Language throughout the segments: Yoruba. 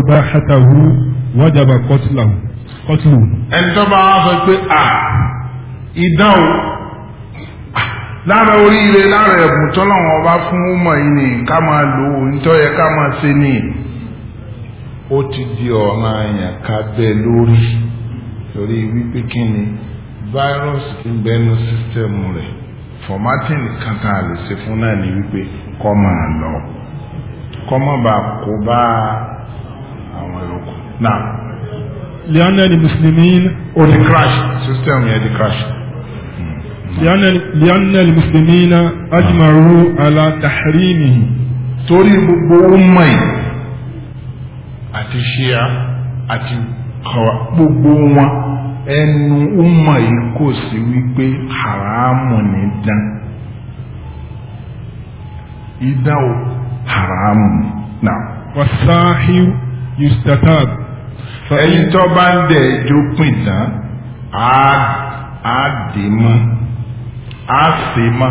ìbáhátàhù wájàbà kọtìlù. ẹ̀ńtọ́ bá wá sọ pé à ìdáhùn lára oríire lára ẹ̀bùn tọ́lọ́wọ́n ọba fún mọ̀ yìí ni ká máa lò ó nítorí ẹ ká máa ṣe ni ó ti di ọ̀ràn àyàn ká bẹ lórí torí wípé kí ni fáírọ́ọ̀sì ń bẹnu sísítẹ́ẹ̀mù rẹ̀ fọ̀mátìnì kan tá a lè ṣe fún náà ni wípé kọ́ máa lọ kọ́ mọ́ bá kó bá a. àwọn ẹranko. na leonel muslimin o ti crash system yẹn ti crash. Hmm. leonel muslimin ajmaru ala tahrimihi. torí gbogbo ọmọ yìí àti ṣíà àti kọ̀wá gbogbo wọn ẹnu ọmọ kò sí wípé haramu ni dán ìdá o haramu náà. wasahiu yustatab. ẹyin tó bá ń dẹ̀ ẹjọ́ pin tán á dì mọ́ á sè mọ́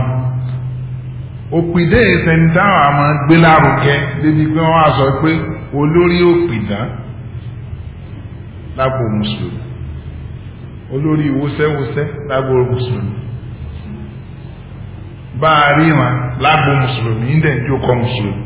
òpìdé ìsẹ̀ńdá àmọ́ gbélárugẹ débi pé wọ́n á sọ pé olórí òpìdá lágbo mùsùlùmí olórí wosẹ́wosẹ́ lágbo mùsùlùmí bá a rí wọn lágbo mùsùlùmí ń dẹ̀ ń jókòó mùsùlùmí.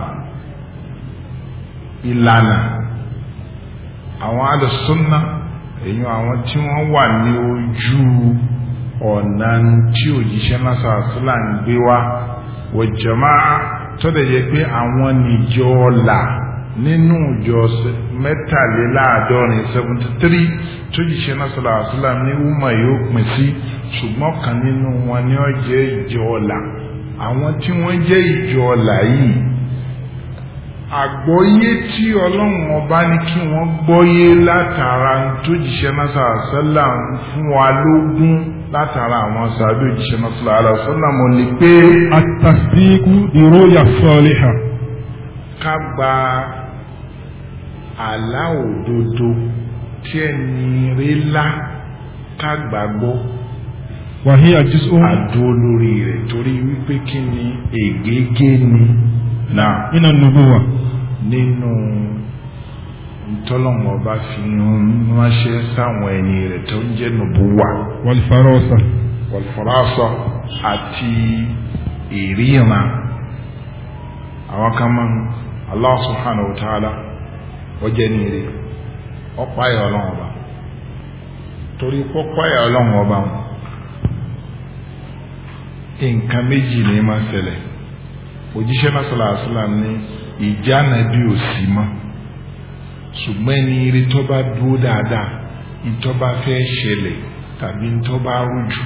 ìlànà àwọn alùsùnà èyí àwọn tí wọ́n wà ní ojú ọ̀nà tí òjíṣẹ́ náà sàásùlà ń gbé wá wọ jàmáà tó yẹ pé àwọn níjọ ọ̀la nínú ìjọ mẹ́tàléláàádọ́rin seventy three tó jíṣẹ́ náà sàásùlà ní wúmọ̀ yóò pín sí ṣùgbọ́n kan nínú wọn ni ó jẹ́ ìjọ ọ̀la àwọn tí wọ́n jẹ́ ìjọ ọ̀la yìí àgbọ́yé tí ọlọ́run ọba ní kí wọ́n gbọ́yé látara tó jíṣẹ́ náà sọ́là ń fún wa lógún látara àwọn sàádó jíṣẹ́ náà àlọ́ sọ́là pé. àtàsíkú ìró yàtọ̀ léha. ká gba àlá òdodo tí ẹni rí lá ká gbàgbọ́ rẹ̀ torí wípé Na nínú nubuwa. ninu ntọ́lọ́wọ́n ọba fi ránṣẹ́ sáwọn ẹni nubuwa. wàlfàrọ́sà. wàlfàrọ́sà àti ìríran àwọn kan awakaman Allah subhanahu wa ta'ala ó jẹ́ ní ire ọ̀pá òjíṣẹ́ náà sọ̀rọ̀ àṣìlám ní ìjà nàbí ò sí mọ́ ṣùgbọ́n ẹni eré tó bá dúró dáadáa ìtọ́ bá fẹ́ ṣẹlẹ̀ tàbí ìtọ́ bá rújú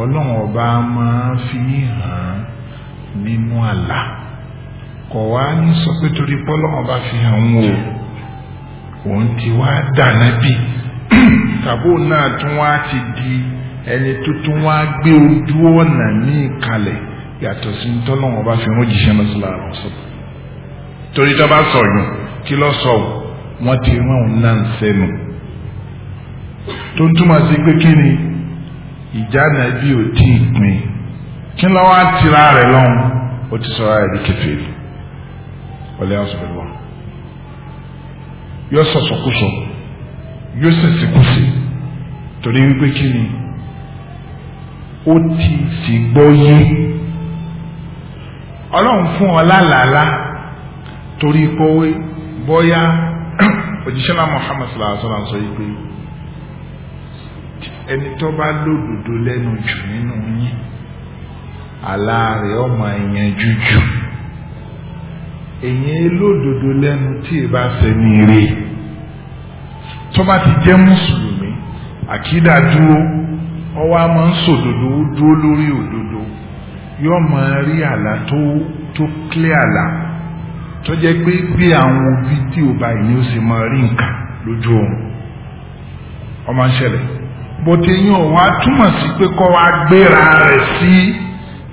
ọlọ́run ọba máa fi hàn án nínú àlá kọ̀ wá ní sọ pé torí pọ́lọ́run ọba fi hàn án o òun ti wá dà nábì tàbó náà tún wá ti di ẹni tó tún wá gbé ojú ọ̀nà ní ìkalẹ̀ yàtọ̀ sí tọ́lọ́wọ́n bá fi rán jíṣẹ́ náà sílára wọn sọ torí tó bá sọ yùn kí lọ sọ wọn ti rán òun náà ń sẹ́nu tó ń túmọ̀ sí pé kí ni ìjà nàbí ò tí ì pin kí ló wá tira rẹ̀ lọ́hùn ó ti sọ ara rẹ̀ di kèfèrí wọlé àwọn sọ̀rọ̀ wọn yóò sọ̀sọ̀kúsọ yóò sẹ̀sẹ̀kúsẹ̀ torí wípé kí ni ó ti sì gbọ́ yé ọlọ́run fún ọ lálàálá torí pọ́wé bọ́yá òjíṣẹ́ náà Muhammad sallallahu alaihi wasallam sọ yìí pé ẹni tó bá lódodo lẹ́nu jù nínú yín àlá rẹ̀ ọmọ èèyàn jújù èèyàn lódodo lẹ́nu tí ì bá sẹ́ni rè tó bá ti jẹ́ mùsùlùmí àkídà dúró ọwọ́ a máa ń sòdodo dúró lórí òdodo yóò máa rí àlá tó tó clear àlá tó jẹ́ pé bí àwọn òbí tí ò báyìí ni ó sì máa rí nǹkan lójú oorun ọmọ ṣẹlẹ̀ bó ti yín ò wá túmọ̀ sí pé kọ́ wa gbéra rẹ̀ sí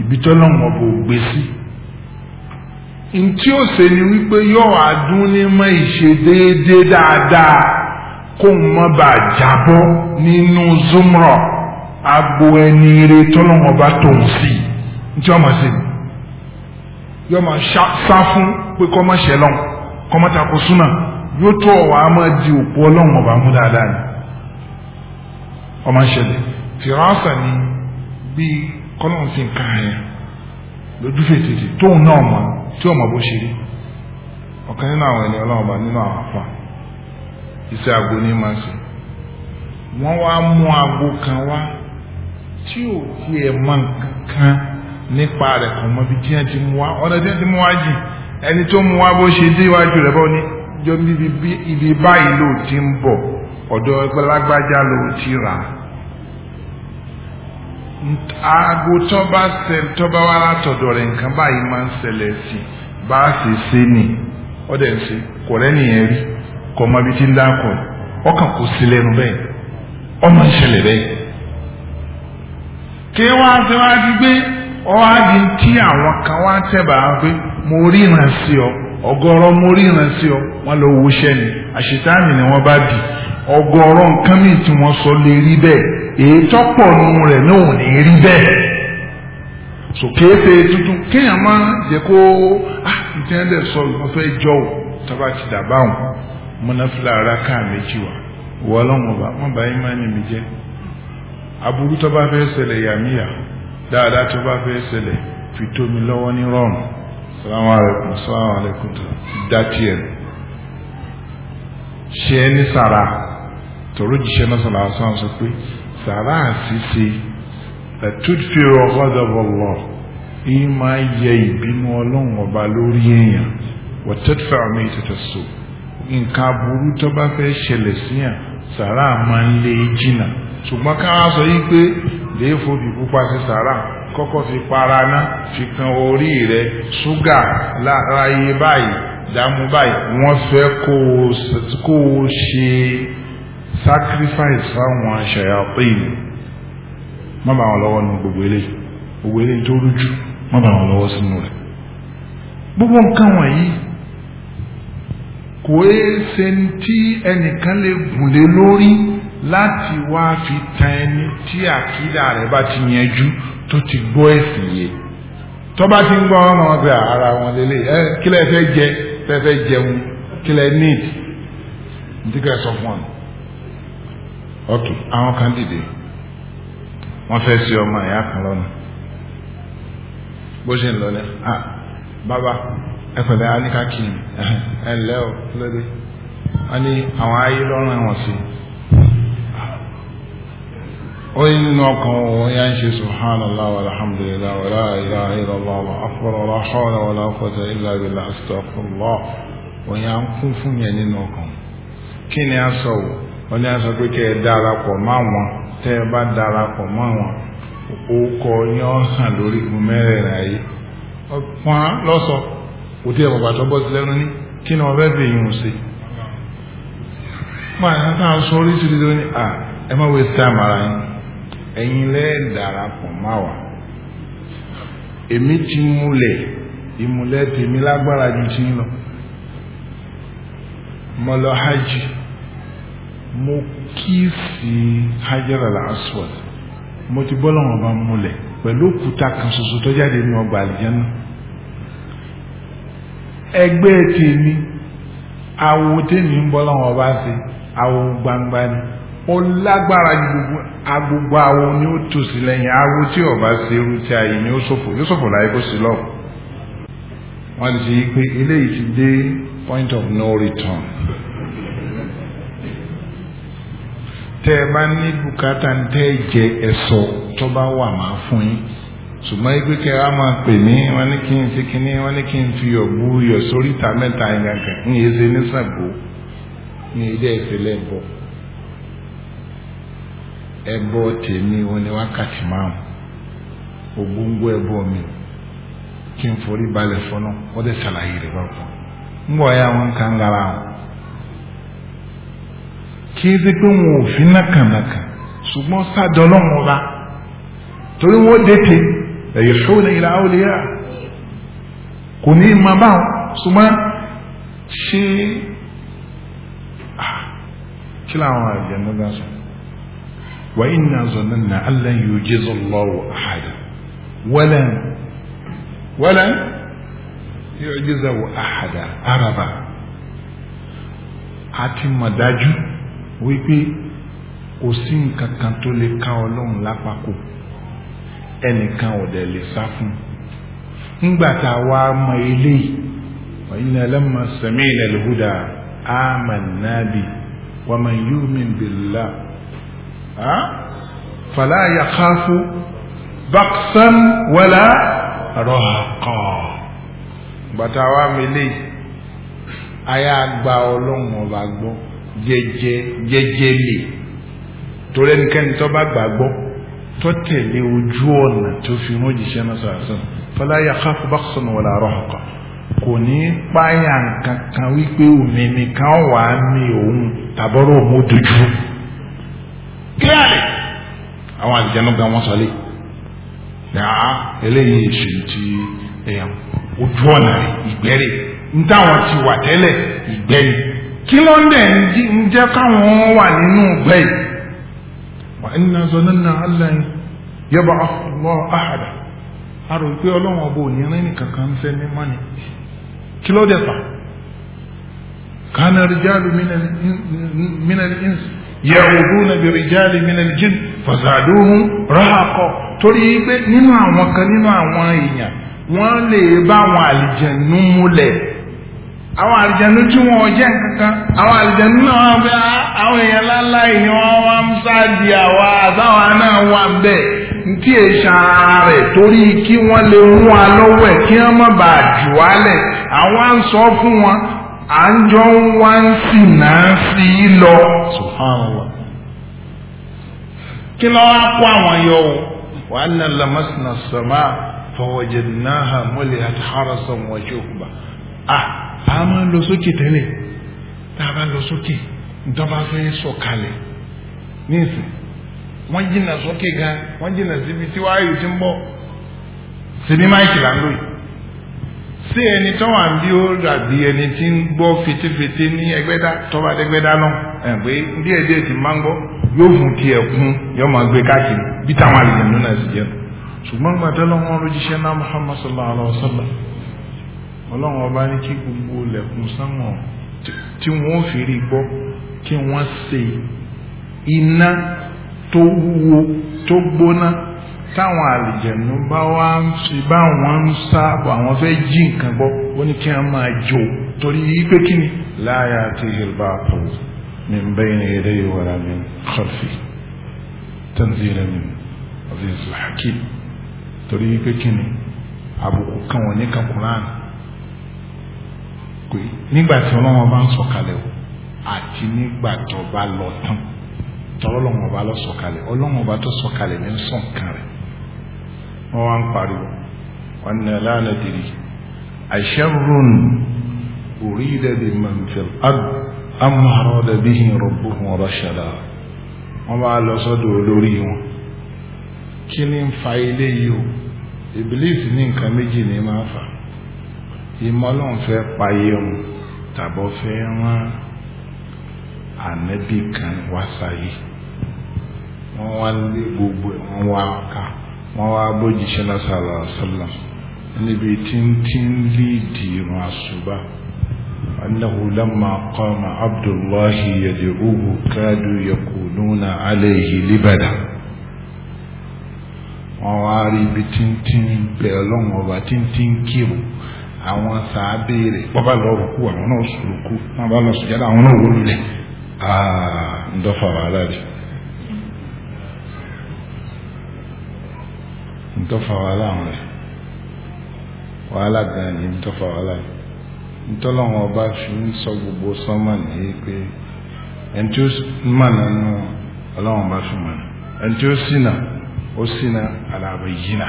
ibi tó lọ́wọ́ bò gbé sí ntí ó ni wípé yóò adún ní mọ́ ìṣe déédéé dáadáa kó n mọ́ bá jábọ́ nínú zumrọ̀ agbo ẹni ire tó lọ́wọ́ bá tòun sí i ntí ọmọ sí ni yóò máa sá fún pé kọ́ máa ṣe lọ́n kọ́ máa takò súnà yóò tó ọ̀wá á máa di òpó ọlọ́run ọba mú dáadáa ni ọmọ ṣẹlẹ̀ fìràṣà ni bíi kọ́lọ́run sí nǹkan àyà lójú fètètè tóun náà mọ̀ tí ọmọ bó ṣe rí ọ̀kan nínú àwọn ènìyàn ọlọ́run ọba nínú àwọn afa iṣẹ́ àgbo ní máa ṣe wọ́n wá mú àgbo kan wá tí ò tiẹ̀ mọ nǹkan kan. nípa rẹ̀ kò dị bí tí ti mú wa ọ̀nà tí ti mú wa jì ẹni tó mú wa bó ṣe dé iwájú rẹ̀ bọ́ jọ ibi báyìí ló ti ń bọ̀ ọ̀dọ̀ ẹgbẹ́ lágbájá ló ti rà aago tọba sẹl tọba wa látọ̀dọ̀ rẹ̀ nǹkan báyìí máa ń ṣẹlẹ̀ sí bá a ṣe nì ọdẹ ṣe kò rẹni rí kò mọ ibi tí ń ọkàn kò sí lẹ́nu ọ adi ti àwọn kan wá tẹ̀bà pé mori na si ọ ọgọrọ mori na si ọ wọ́n lọ wo iṣẹ́ ni àṣetáàmì ni wọ́n bá ọgọrọ ọgọ́rọ̀ nǹkan mìíràn sọ lè rí bẹ́ẹ̀ èyí tọ́pọ̀ nù rẹ náà ò ní so kéèpé tuntun kéèyàn máa jẹ kó ah sọ fẹ́ jọ o tábà ti dà báwọn ara méjì wọ́n lọ́wọ́ bá wọ́n bá yín máa mi dáadáa tó bá fẹ́ ṣẹlẹ̀ fi tó mi lọ́wọ́ ní rọ́ọ̀mù salamu alaykum salamu alaykum tó dá tiẹ̀ ṣe é ní sàrà tòró jíṣẹ́ náà sọ̀rọ̀ àwọn sọ pé sàrà àṣìṣe ẹ̀tútùfẹ́ ọ̀gọ́dọ̀bọ̀lọ̀ yìí máa yẹ ìbínú ọlọ́run ọba lórí èèyàn wọ́tẹ́tùfẹ́ àmì ìtẹ̀tẹ̀ so nǹkan aburú tó bá fẹ́ ṣẹlẹ̀ síyàn sàrà máa ń lé jìnnà ṣùgbọ́n ká sọ yìí pé lè fòbì pupa sí sàrà kọ́kọ́ fi para ná fi kan orí rẹ̀ ṣúgà lára iye báyìí dààmú báyìí wọ́n fẹ́ kó o ṣe sacrifice fáwọn aṣàyàpín má bàa wọn lọ́wọ́ nínú gbogbo eléyìí gbogbo eléyìí tó rújú má bàa wọn lọ́wọ́ sínú rẹ̀ gbogbo nǹkan wọ̀nyí kò é ṣe ẹnìkan lè gùn lé lórí láti wá fi tan ẹni tí àkídà rẹ̀ bá ti yanjú tó ti gbọ́ ẹ̀sìn yé tó bá ti ń gbọ́ ọmọ ọgbẹ́ ara wọn lélẹ̀ ẹ kí lẹ fẹ́ jẹ fẹ́ fẹ́ jẹun kí lẹ need ntí sọ fún ọ ok àwọn kan dìde wọ́n fẹ́ sí ọmọ ẹ̀yà kan lọ́nà bó ṣe ń lọ ní ah bàbá ẹ pẹ̀lẹ́ aníkàkì ẹ̀ ẹ̀ ńlẹ́ o lóde wọ́n ní àwọn ayé lọ́rùn ẹ̀wọ̀n sí i. oyin nínú ọkàn òun ya ń ṣe subhanallah walhamdulillah wala ilaha illallah wa akbar wala hawla wala quwwata illa billah astaghfirullah òun ya ń kún ni a sọ wò wọ́n ní a pé kẹ́ ẹ darapọ̀ mọ́ tẹ́ ẹ bá darapọ̀ mọ́ wọn orúkọ yẹn ó lórí ìlú ayé ọ̀pọ̀n lọ́sọ̀ kò tí ẹ tó bọ́ ẹ̀yin lẹ́ẹ̀ darapọ̀ má wà èmi ti múlẹ̀ ìmúlẹ̀ tèmi lágbára ju ti ń lọ mo lọ hajj mo kí sí hajar al-aswad mo ti bọ́ lọ́wọ́ bá múlẹ̀ pẹ̀lú òkúta kan ṣoṣo tó jáde ní ọgbà àlìjẹ́nà ẹgbẹ́ tèmi awo tèmi ń bọ́ lọ́wọ́ bá ṣe awo gbangba ni. ó lágbára ju agbogbo awo ni ó tò sí lẹ́yìn awo tí ọba si irú tí ayé ni ó ṣòfò yóò ṣòfò láyé kó sí lọ́wọ́ wọ́n ti point of no return. tẹ́ ẹ bá ní bùkátà ń toba jẹ ma tó bá wà máa fún yín ṣùgbọ́n yí pé kẹ́ ẹ máa pè mí wọ́n ní kí n wọ́n ní kí n fi sórí ẹbọ tèmi wọn ni wákàtí márùn ògbóngbó ẹbọ mi kí n forí balẹ̀ fọnà wọ́n dẹ̀ ṣàlàyé rẹ̀ báwọn ń bọ̀ ya wọn kàn wọn kí ti pé wọn ò fi ṣùgbọ́n torí dẹ́tẹ̀ ẹ̀yẹ وإنا ظننا أن لن يجيز الله أحدا ولن ولن يعجزه أحدا أربا àti mọ̀ dájú wípé kò sí nǹkan kan tó lè ká ọlọ́run lápapọ̀ ẹnìkan ò dẹ̀ lè sá fún un ńgbà tá a wá mọ eléyìí وإنا لما سمعنا الهدى آمنا به ومن يؤمن بالله fàlà yàkáfó bàksan wàlà rọ̀hàkọ̀ bàtà wa mele ayé àgbà ọlọ́run ọba gbọ́ jẹjẹ jẹjẹ lè torí ẹnikẹ́ni tó bá gbà gbọ́ tó tẹ̀lé ojú ọ̀nà tó fi rán òjíṣẹ́ náà sàásàn fàlà yàkáfó bàksan wàlà rọ̀hàkọ̀ kò ní páyà nǹkan wípé òmìnir kan wà á mi òun tàbọ̀rọ̀ òun clearly àwọn àlìjẹnu gan wọn sọlé yàá ah, eléyìí èsù ti ojú ọ̀nà ìgbẹ́rẹ̀ ntáwọn ti wà tẹ́lẹ̀ ìgbẹ́rẹ̀ kí ló ń dẹ̀ ń jẹ́ káwọn wà nínú ìgbẹ́ yìí wà ń na zọ nínú alẹ́ yẹba ọlọ́ àhàdà a pé ọlọ́run ọba ò ní rìn kankan fẹ́ mímọ́ ni kí ló dẹ̀ fà kánà rìjálù mínà ní yahuduna birijali min aljin fazaduhum rahaqa tori pe ninu awon ka ninu awon eyan won le ba awon aljannu mule awon aljannu ti won je nkan kan awon aljannu na wa be awon eyan lala ni won wa msadi awa sawa na wa be nti e share tori ki won le mu alowe ki won ma ba juwale awon so fun won à ń jọ na wá ń subhanallah kí ló wá kó àwọn yọ o wà á nà a a máa ń lọ sókè tẹ́lẹ̀ tá a bá lọ sókè dọ́ba fẹ́ sọ̀kalẹ̀ nísìnyí wọ́n jìnnà sókè gan wọ́n jìnnà síbi tí wáyé ti ń bọ̀ sinimá ìkìlá sí ẹni tó wà bí ó dàbí ẹni tí ń gbọ́ fitifiti ní ẹgbẹ́dá náà ẹ̀ pé díẹ̀ díẹ̀ ti máa ń gbọ́ yóò fún tiẹ̀ kún yóò máa gbé káàkiri bí táwọn gbogbo sáwọn tí wọ́n fi rí gbọ́ kí wọ́n ṣe iná táwọn àlìjẹ̀nu bá wá ń fi bá wọn ń sá bọ̀ àwọn fẹ́ jí nǹkan gbọ́ ó ní kí wọ́n máa jò torí pé kí ni. láyà àti ìlbà pọ̀ mi ń bẹ́yìn ẹ̀rẹ́ ìwọ̀ra mi kọfí tanzila mi ọ̀fíìsì hakim torí pé kí ni àbùkù kan wọ̀ ní kankuran pé nígbà tí ọlọ́wọ́n bá ń sọ̀kalẹ̀ o àti nígbà tó bá lọ tán tọ́lọ́wọ́n bá lọ sọ̀kalẹ̀ ọlọ́wọ́n bá tó sọ̀kalẹ̀ ní sọ̀kan rẹ̀ wọ́n wá ń pariwo ọ̀nà lánà dìrì àṣẹ́rùn orí ìdẹ́bí mọ̀mfẹ́l amọ̀rọ̀ dẹ̀bí rọ̀bù wọn rọ̀ṣẹ̀dá wọ́n bá lọ sọ́dọ̀ olórí wọn kí ni ń fa ilé yìí o ìbílísì ní nǹkan méjì ní máa fà ìmọ̀lọ́n payé wọn tàbọ̀ fẹ́ rán kan wá sáyé wọ́n wá lé gbogbo ẹ̀ wá ká. ma wa abu jishina sallallahu alaihi wasallam ni bi tintin lidi masuba annahu lamma qama abdullah yad'uhu kadu yakununa alayhi libada ma wa ri bi tintin belon oba tintin kiru àwọn sàábéèrè bọ́bá lọ rùkú àwọn náà sùrùkú wọn bá lọ sùjẹ́dá àwọn náà wọlé a ndọ́fà wàhálà rẹ̀. ntọ́fà wàhálà àwọn rẹ̀ wàhálà gan ni ntọ́fà wàhálà ntọ́lọ́wọ́n ọba fi ń sọ gbogbo sọ́mà nìyí pé ẹni tí ó mà nánú ọlọ́wọ́n ọba fi mọ̀ ẹni tí ó ṣìnà ó ṣìnà àlàbẹ̀ yìnà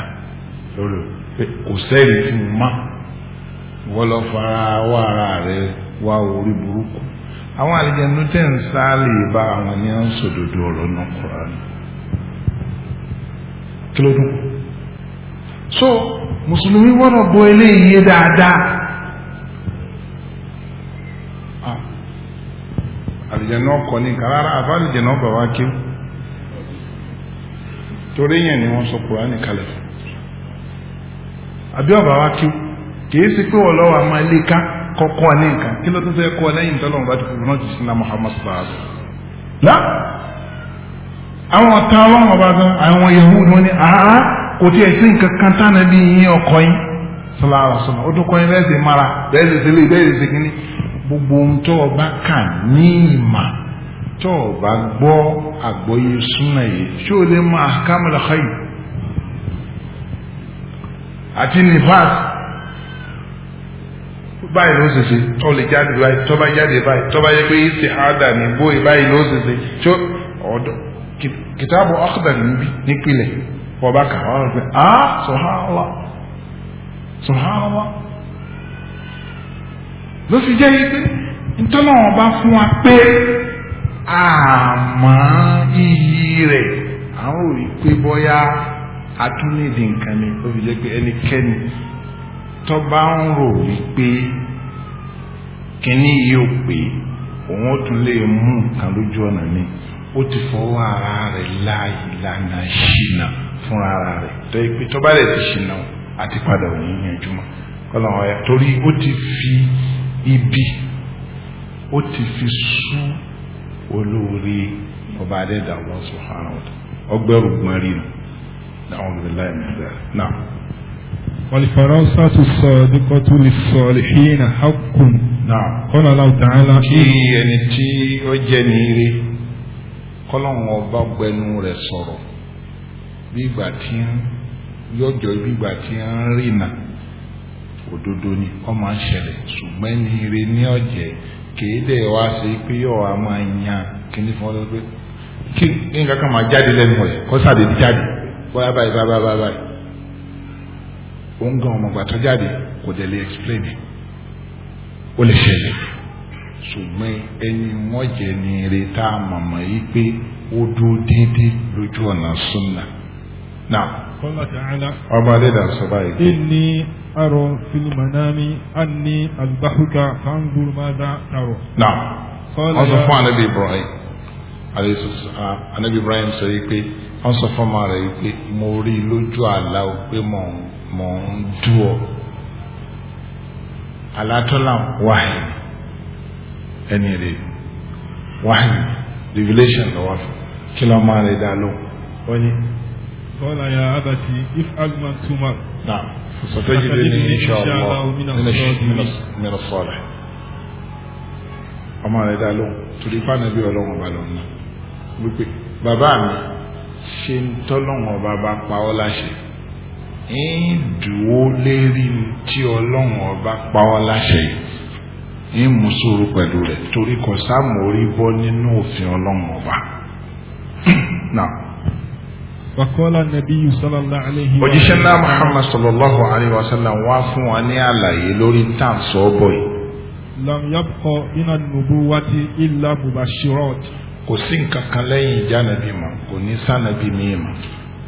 lórí pé kò sẹ́ẹ̀lì fún un mọ́ wọ́n lọ fara wá ara rẹ̀ wá orí burúkú àwọn àlejò tẹ̀ ń sáálì bá àwọn ní à ń sòdodo ọ̀rọ̀ náà kúrò kí ló so mùsùlùmí gbọ́dọ̀ gbọ́ eléyìí yé dáadáa ah. àlùjẹ̀nà ọkọ̀ ní nǹkan rárá àbá àlùjẹ̀nà wa kí torí yẹn ni wọn sọ kùránì kalẹ̀ fún àbí ọba wa kí kì pé ọlọ́wọ́ a máa lé ká kọ́kọ́ ní nǹkan kí ló tún fẹ́ kọ́ lẹ́yìn bá ti náà Muhammad sallallahu kò tí ẹ̀ sí nǹkan kan tánà bí yín ọkọ yín sọlá àròsọlá ó tún kọ́ yín bẹ́ẹ̀ sì mara bẹ́ẹ̀ sì sílé bẹ́ẹ̀ sì kíní gbogbo ohun tó o bá kà ní ìmà tó o bá gbọ́ àgbọ́yé súnà yìí tí o lè mọ̀ ahkamul khayr àti nifas báyìí ló ṣe ṣe tó lè jáde báyìí tó bá jáde báyìí tó bá yẹ pé istihada ní bóyá báyìí ló ṣe ṣe tó ọ̀dọ̀ kìtàbù akhdar níbi nípìnlẹ̀. wọ́n bá kà ah subhanallah subhanallah ló fi jẹ́ ipe ntọ́nà ọba fún wa pé àmọ́ iyì rẹ̀ àwọn ò rí pé bọ́yá atúnídìí nǹkan ni ó fi jẹ́ pé ẹnikẹ́ni tó ń rò wípé kínní yìí pé òun ó ọ̀nà ni ó ti fọwọ́ ara rẹ̀ láàyè lánàá ṣìnà. fún ara rẹ̀ tó yẹ pé tó bá rẹ̀ ti ṣìnà àti padà òní yanjú mọ́ kọ́lọ́ wọn torí ó ti fi ibi ó ti fi sú olóore ọba adẹ́dà wọn sọ ara wọn ọgbẹ́rù gbọ́n rí nu dáhùn bí láì mú bẹ́ẹ̀ náà. والفراسة الصادقة للصالحين حق نعم قال الله تعالى kí ẹni tí ó jẹ́ ní ire kọ́lọ́hún ọba gbẹnu rẹ̀ sọ̀rọ̀ bí ìgbà tí ń yọjọ bí ìgbà tí ń rìnà òdodo ni ọ máa ń ṣẹlẹ̀ ṣùgbọ́n ní ire ní ọ̀jẹ̀ kéde wa ṣe pé yóò wá máa yan kíní fún ọdún pé kí nǹkan kan máa jáde lẹ́nu rẹ̀ kó sàdé jáde bóyá báyìí báyìí báyìí báyìí ó ń gan ọmọ gbàtọ́ jáde kò dẹ̀ lè explain it ó lè ṣẹlẹ̀ ṣùgbọ́n ẹni wọ́n jẹ́ ní ire tá a mọ̀mọ́ yìí pé ó dúró déédéé lójú ọ̀nà súnà. نعم قال تعالى وما لنا صبايك إني أرى في المنام أني أذبحك فانظر ماذا ترى نعم قال يا عن نبي إبراهيم عليه الصلاة والسلام نبي إبراهيم سيكي wọ́n sọ fún ọmọ rẹ̀ wípé mo rí i lójú تلام o pé mò ń mò ń dù ọ́ alátọ́là wáhì ẹni rẹ̀ revelation lọ́wọ́ kí lọ́ọ́ قال يا أبتي افعل ما تؤمر نعم ستجدني إن شاء الله من الصالح ọmọ rẹ dá lóhùn torí fánàbí ọlọ́run ọba lọ ní wípé bàbá mi ṣe ń tọ́lọ́run ọba bá pa ọ́ láṣẹ ń dúró lérí tí ọlọ́run ọba pa ọ́ láṣẹ ń mú sùúrù pẹ̀lú rẹ̀ torí kò sáà mórí bọ́ nínú òfin ọlọ́run ọba náà. Wàkọ́lá nàbí sallallahu alayhi wa sallam. Òjíṣẹ́ náà Muhammad sallallahu alayhi wa sallam wá fún wa ní àlàyé lórí tàn sọ́ọ̀bọ̀ yìí. Lam yabqa iná nubuwati illa mubashirat. Kò sí nǹkan kan lẹ́yìn ìjánabi mọ̀, kò ní sànàbí mi mọ̀.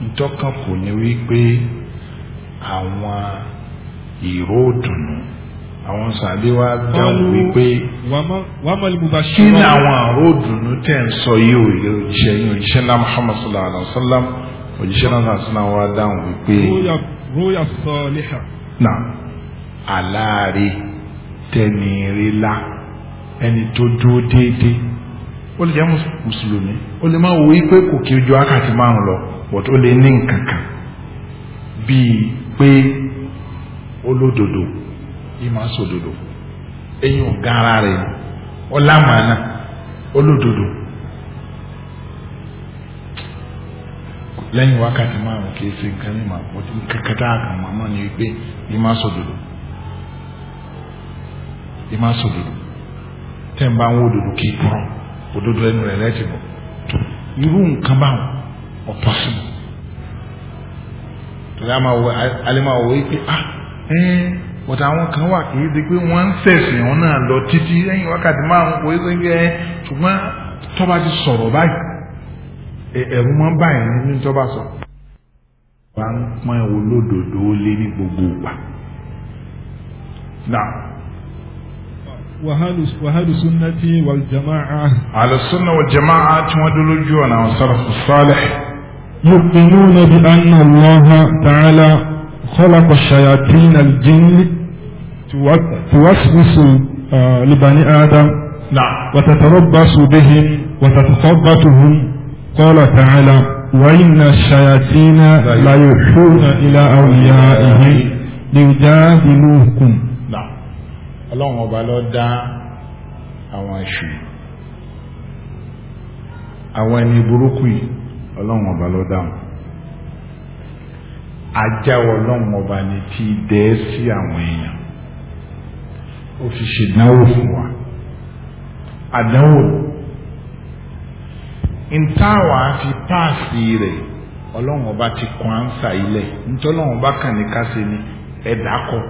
Ntọ́kàn kò ní wípé àwọn ìró òdùnnú àwọn sàbí wa dáhùn wípé kí ni àwọn àrò òdùnnú tẹ̀ ń sọ yìí òye òjíṣẹ́ yìí òjíṣẹ́ ńlá Muhammad sallallahu alayhi wa sallam òjíṣẹ́ náà sàṣìnà wa dáhùn wípé. rúyà sọ níhà. nà aláàárẹ̀ tẹ̀mí rí la ẹni tó dúró déédéé ó lè jẹ́ mùsùlùmí ó lè máa wò wípé kò kí ojú wákàtí márùn lọ but ó lè ní nǹkan kan bíi pé olódodo ìmọ̀ lẹ́yìn wákàtí márùn kì í ṣe nǹkan mímọ́ àpótí kẹ̀kẹ́ tá a kàn mọ́ mọ́ ni pé ẹ máa sọ̀dọ̀dọ̀ ẹ máa sọ̀dọ̀dọ̀ tẹ́ ń bá ń wó òdòdó kì í òdòdó ẹnu rẹ̀ lẹ́tì bọ̀ irú nǹkan báwọn ọ̀pọ̀ sí mi tọ́lá máa wọ alẹ́ máa wọ pé ah ẹ́ẹ́ bọ̀tà àwọn kan wà kì í di pé wọ́n ń sẹ̀sìn wọn náà lọ títí lẹ́yìn wákàtí márùn kò ṣe ń gbé ẹ ṣùgbọ́n tọ́ba ẹ̀rù máa ń bà yẹn ní tó bá sọ. wà á ń pọn olódodo lé ní gbogbo ìgbà. náà. wàhálù sunnati wal jama'a. àlùsúnà wal jama'a tí wọ́n dúró ju ọ̀nà àwọn salafu salih. yuqinuna bi anna Allaha ta'ala khalaqa shayatin al نعم وتتربص بهم وتتخبطهم قال تعالى وإن الشياطين ليوحون إلى أوليائهم ليجادلوكم نعم ọlọ́run ọba ló dá àwọn èṣù àwọn ẹni burúkú yìí ọlọ́run ọba ló dá wọn ajá ọlọ́run ọba ni ti dẹ́ sí àwọn èèyàn ó fi ṣèdánwò fún wa àdánwò ntaawa fi paasi rẹ ọlọ́run ọba ti kọ́ ansa ilẹ̀ ntọ́lọ́run ọba kàn ní kásẹ̀ ni ẹ̀dá kọ́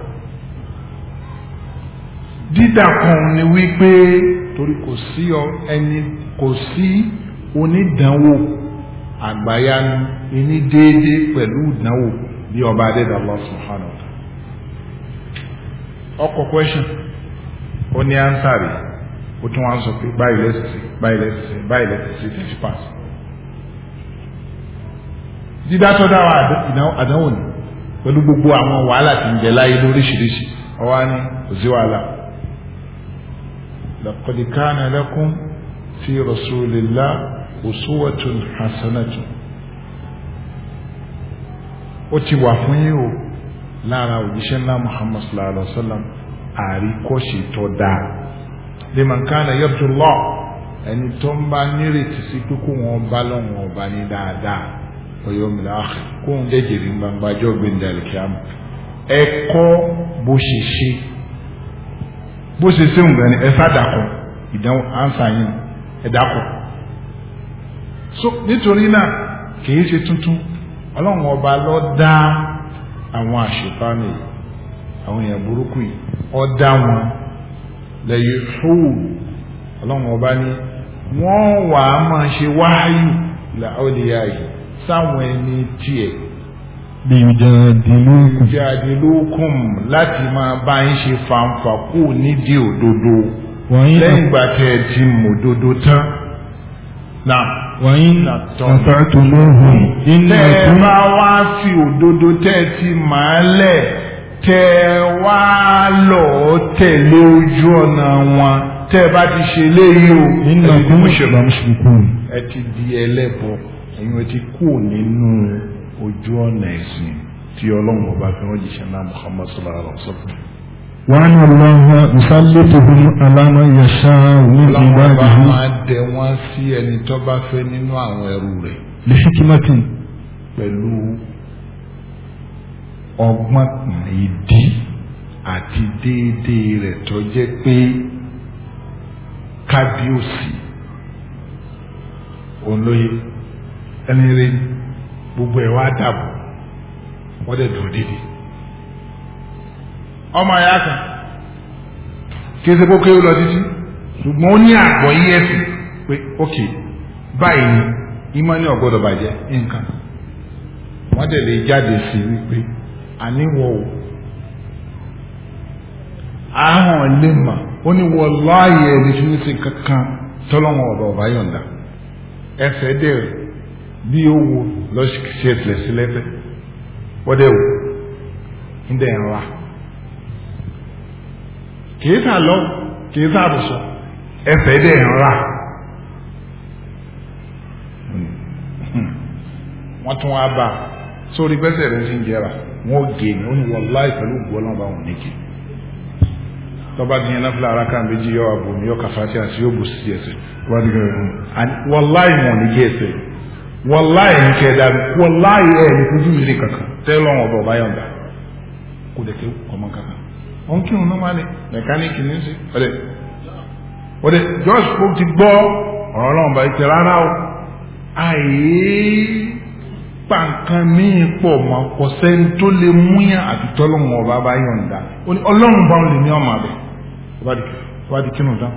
dídà kan ni wípé torí kò sí ẹni kò sí onídànwò àgbáyanu ẹni déédéé pẹ̀lú ìdánwò bí ọba adéda Allah subhanahu wa ọ ọkọ̀ question ó ní ó tún wá ń sọ pé báyìí lẹ́sìn sí báyìí lẹ́sìn sí báyìí lẹ́sìn sí tẹ̀sí pàṣẹ. dídátọ́ dáwà àdánwò ni pẹ̀lú gbogbo àwọn wàhálà tí ń jẹ láyé lóríṣiríṣi ọwọ́ á ní kò sí wàhálà. laqad kana lakum fi rasulillah uswatun hasanatun ó ti wà fún yín o lára òjíṣẹ́ ńlá muhammad sallallahu alaihi wa sallam àríkọ́ṣe tó dáa liman kana yarjullah ẹni tó ń bá nírètí sí pé kó wọn bá lọ́wọ́ ọba ní dáadáa wal yawmil akhir kó wọn jẹjẹrì gbangba jọ gbẹndẹ alikiyama ẹ kọ́ bó ṣe ṣe bó ṣe ṣe ń gbani ẹ sádàkọ ìdánwò ansa yín ẹ dàkọ so nítorí náà kìí ṣe tuntun ọlọ́run ọba ló dá àwọn àṣepá nìyí àwọn èèyàn burúkú yìí ó dá wọn lẹ́yìn fúù ọlọ́run ọba ní wọ́n wà á máa ṣe wáyù làọ́lìyà yìí sáwọn ẹni tiẹ̀. lìjàdìlókùn láti máa bá ń ṣe fanfa kú nídìí òdodo lẹ́yìn ìgbà tẹ́ ẹ ti mòdodo tán. náà wọ́n àtàtùmọ́hùn. ilé ẹ bá wá fi òdodo tẹ́ ti máa lẹ̀ tẹ wá lọ tẹ̀lé ojú ọ̀nà wọn tẹ bá ti ṣe léyìí o. nínú ọdún ìṣẹ̀lẹ̀ amúṣukú. ẹ ti di ẹlẹ́bọ ẹ̀yin ẹ ti kú nínú ojú ọ̀nà ẹ̀sìn tí ọlọ́run ọba fi wọ́n jíṣẹ́ náà Muhammad sallallahu alaihi wa sallam. wàhánà ọlọ́hà ìsàlẹ̀ tuntun alámọ̀ yẹ̀ṣà ní ìwádìí. ọlọ́run ọba máa dẹ wọ́n sí ẹni tó bá fẹ́ nínú àwọn ẹrú rẹ̀. lè ṣe kí má tì. pẹ̀lú ọgbọ́n ìdí àti déédéé rẹ̀ tó jẹ́ pé kábíyèsí olóye ẹni rẹ gbogbo ẹ̀ wá dàbò wọ́n dẹ̀ dùn dídì ọmọ ẹ̀yà kan kí ẹsẹ̀ lọ títí ṣùgbọ́n ó ní àgbọ̀ yẹ́sì pé ok báyìí ni ìmọ̀ ní ọ̀gbọ́dọ̀ bàjẹ́ nǹkan wọ́n dẹ̀ àníwọ̀ o àhàn lè mà ó ní wọláyé ẹni kankan tọ́lọ́wọ́n ọ̀rọ̀ ọ̀bá yọ̀ǹda ẹsẹ̀ dẹ̀ bí wo lọ́sí ẹsẹ̀ sílẹ̀fẹ̀ wọ́n dẹ̀ wò ń dẹ̀ lọ kìí sà bùsọ̀ Efe dẹ̀ ń hmm. Hmm. wọ́n tún wá bá sórí gbẹ́sẹ̀ wọn ò gé ni ó ní wọn láì pẹ̀lú ògbó ọlọ́run bá wọn níkè tọ́ba ní iná fúlà ara kan méjì yọ àbò mi yọ kàfàtì àti yóò bù sí ẹsẹ̀ wọn láì wọn ní kí ẹsẹ̀ wọn láì ní kí ẹ wọn láì ẹ ní kújú mi rí kankan tẹ́lọ̀ wọn bọ̀ báyọ̀ dá kó dẹ̀ ọmọ kankan wọn kí wọn náà má mẹkáníìkì ní sí ọ̀dẹ̀ ọ̀dẹ̀ george pope ti gbọ́ ọ̀rọ̀ ọlọ́run bá ti rárá o àyè pa nǹkan míì pọ̀ mọ́ kò sẹ́ni tó lè múyàn àtútọ́ lọ́wọ́ ọba bá yọ̀ǹda ọlọ́run bá wọn lè ní ọmọ abẹ ọba di kínú dán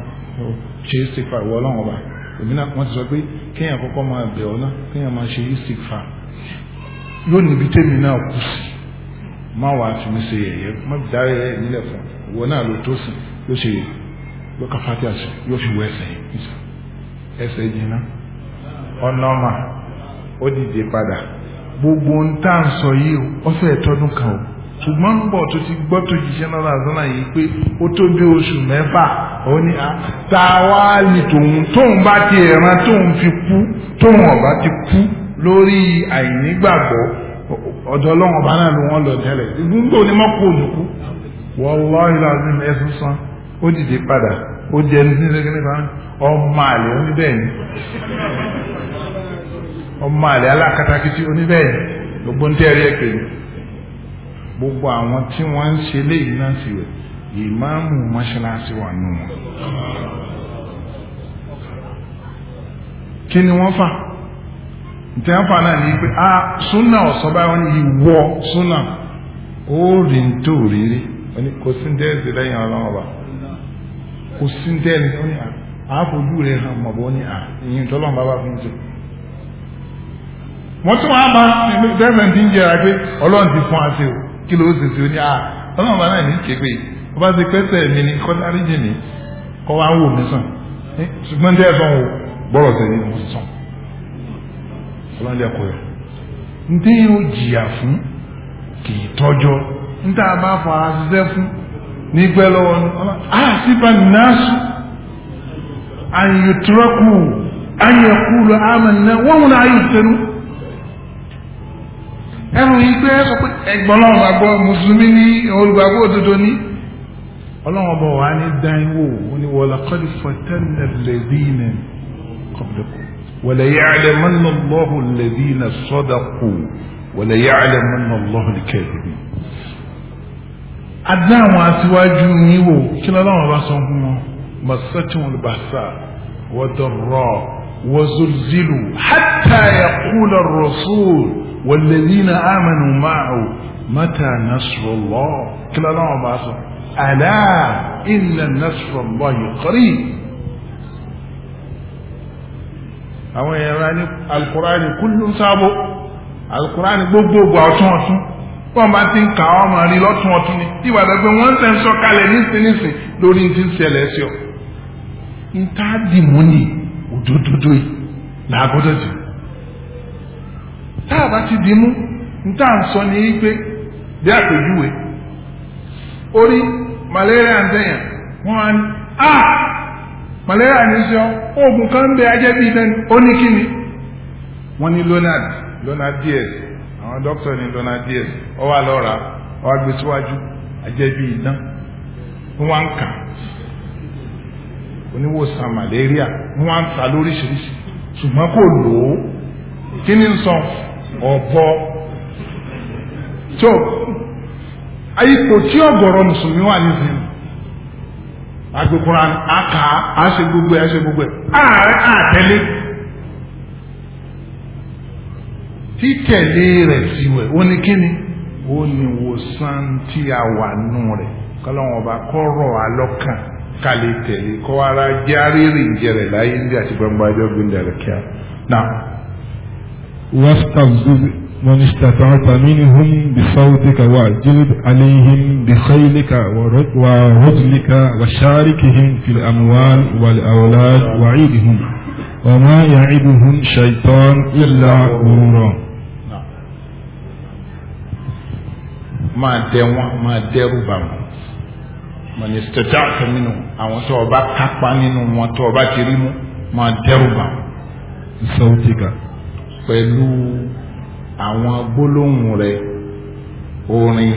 ṣe é sèkfà ìwọ ọlọ́run ọba èmi náà wọ́n ti sọ pé kéèyàn kọ́kọ́ máa bẹ̀ ọ́ náà kéèyàn máa ṣe é sèkfà yóò níbi tèmi náà kù sí má wàá fi mi ṣe yẹ̀yẹ́ má fi dáre ẹ̀ fún ìwọ náà ló tó sìn yóò ṣe yóò ká fati àṣẹ yóò fi wọ ẹsẹ̀ ẹsẹ̀ jìnnà ọ̀nà ọmọ ó dìde padà gbogbo ń tà ń sọ yìí ó fẹ́ tọdún kan o ṣùgbọ́n ń bọ̀ tó ti gbọ́ tó jíṣẹ́ náà lásán náà yìí pé ó tó bí oṣù mẹ́fà ó ní a tá a wá lè tòun tóun bá ti ẹ̀ran tóun fi kú tóun ọ̀bá ti kú lórí àìnígbàgbọ́ ọ̀dọ̀ ọlọ́run ọba náà ló wọ́n lọ tẹ́lẹ̀ gbogbo ní mọ́kò òdùkú wọ́ọ́lọ́ọ̀hìn làwọn ẹ̀sùn san ó dìde padà ó jẹ́ ní sínú ẹgbẹ́ nípa ọmọ àlè ó ní bẹ́ẹ̀ ni. ọmọ àlẹ́ alákatakítí oníbẹ̀yìn gbogbo ń tẹ́rí ẹ̀kẹ́ ni gbogbo àwọn tí wọ́n ń ṣe léyìí náà sì wẹ̀ ìmáàmù mọ́ṣáláṣí wà nù wọn. kí ni wọ́n fà ntẹ́ wọ́n fà náà ní pé a súnà ọ̀sọ́ báyìí wọ́n ìwọ súnà ó rí n tó rírí kò sí ń tẹ́lẹ̀ sí lẹ́yìn ọlọ́wọ́ bá kò sí ń tẹ́lẹ̀ sí lẹ́yìn rẹ̀ hàn wọ́n tún wá máa dẹ́rẹ́bẹ̀ ti ń pé fún ase o kí ló ní à ah, ọlọ́run bá náà ní képe ó bá ti pẹ́sẹ̀ mi ní kọ́tàrí jì kọ́ wá ń wò mí sàn ṣùgbọ́n tẹ́ ẹ sọ wò gbọ́rọ̀ tẹ̀lé mo sàn ọlọ́run lè kọ́ n tẹ́ yóò jìyà fún kì í a máa ṣiṣẹ́ fún ní lọ́wọ́ ọlọ́run ah, sì bá ẹrù yìí pé sọ pé ẹgbọ́n náà wà gbọ́ mùsùlùmí ní olùgbàgbọ́ òdodo ní. ọlọ́run ọba wa ní dáin wò ó ní wọlé kọ́lí fọ́tẹ́nà lẹ́dínà kọ́bùdọ́kù wọlé yẹ àlẹ́ mọ́nà lọ́hùn lẹ́dínà sọ́dọ̀kù wọlé yẹ àlẹ́ mọ́nà lọ́hùn kẹ́ẹ̀dẹ́bí. adá àwọn aṣíwájú yín wò kí lọ́lọ́run ọba sọ fún wọn masatu olùbàṣà wọ́dọ̀rọ̀ wọ́zọ̀zìlù hàtà yaqula ar-rasul. والذين آمنوا معه متى نصر الله كلا لا بعصر ألا إن النصر الله قريب àwọn èèyàn القرآن كل alukurani القرآن بوبو alukurani gbogbogbò ọtún ọtún wọn bá ti ń kà ọ máa rí lọtún ọtún ni tí ìwádìí pé wọn ń tẹ̀ ń sọ kalẹ̀ nísinsìnyí lórí ti ń ṣẹlẹ̀ sí ọ. ń tá a dì mú ni òdòdó yìí làákọ́tọ̀ jù tá a bá ti dì mú níta ń sọ ní pé bí àpèjúwe orí malaria ń dẹ̀yàn wọ́n á ní a malaria ní sọ oògùn kan ń bẹ ajẹ́ bíi náà ó ní kí ni wọ́n ní lonard lonard ds àwọn dókítà ní lonard ds ọ wà lọ́ra ọ wá gbé síwájú ajẹ́ bíi iná wọ́n ń kà oníwòsàn malaria wọ́n ń ta lóríṣiríṣi ṣùgbọ́n kò lò ó kí ni ń sọ. ọ̀bọ tí ọ̀gọ̀rọ̀ mùsùlùmí wà nísìnyí agbèkùnrin gbogbo gbogbo rẹ̀ ó tí a wà nù rẹ̀ kọ́lọ́wọ́n ọba kọ́rọ̀ alọ́kàn ká tẹ̀lé gbangba واستغضب من استطعت منهم بصوتك واجلب عليهم بخيلك ورجلك وشاركهم في الأموال والأولاد وعيدهم وما يعدهم شيطان إلا غرورا ما dẹ ما máa من bà منهم أو sítẹ̀tà àtẹ̀mínú àwọn tó كريم ما nínú wọn pẹ̀lú àwọn gbólóhùn rẹ̀ orin